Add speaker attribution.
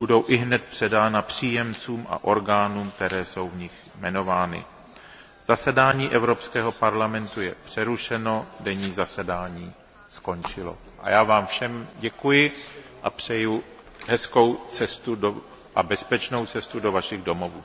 Speaker 1: budou ihned předána příjemcům a orgánům, které jsou v nich jmenovány. Zasedání Evropského parlamentu je přerušeno, denní zasedání skončilo. A já vám všem děkuji a přeju hezkou cestu do, a bezpečnou cestu do vašich domovů.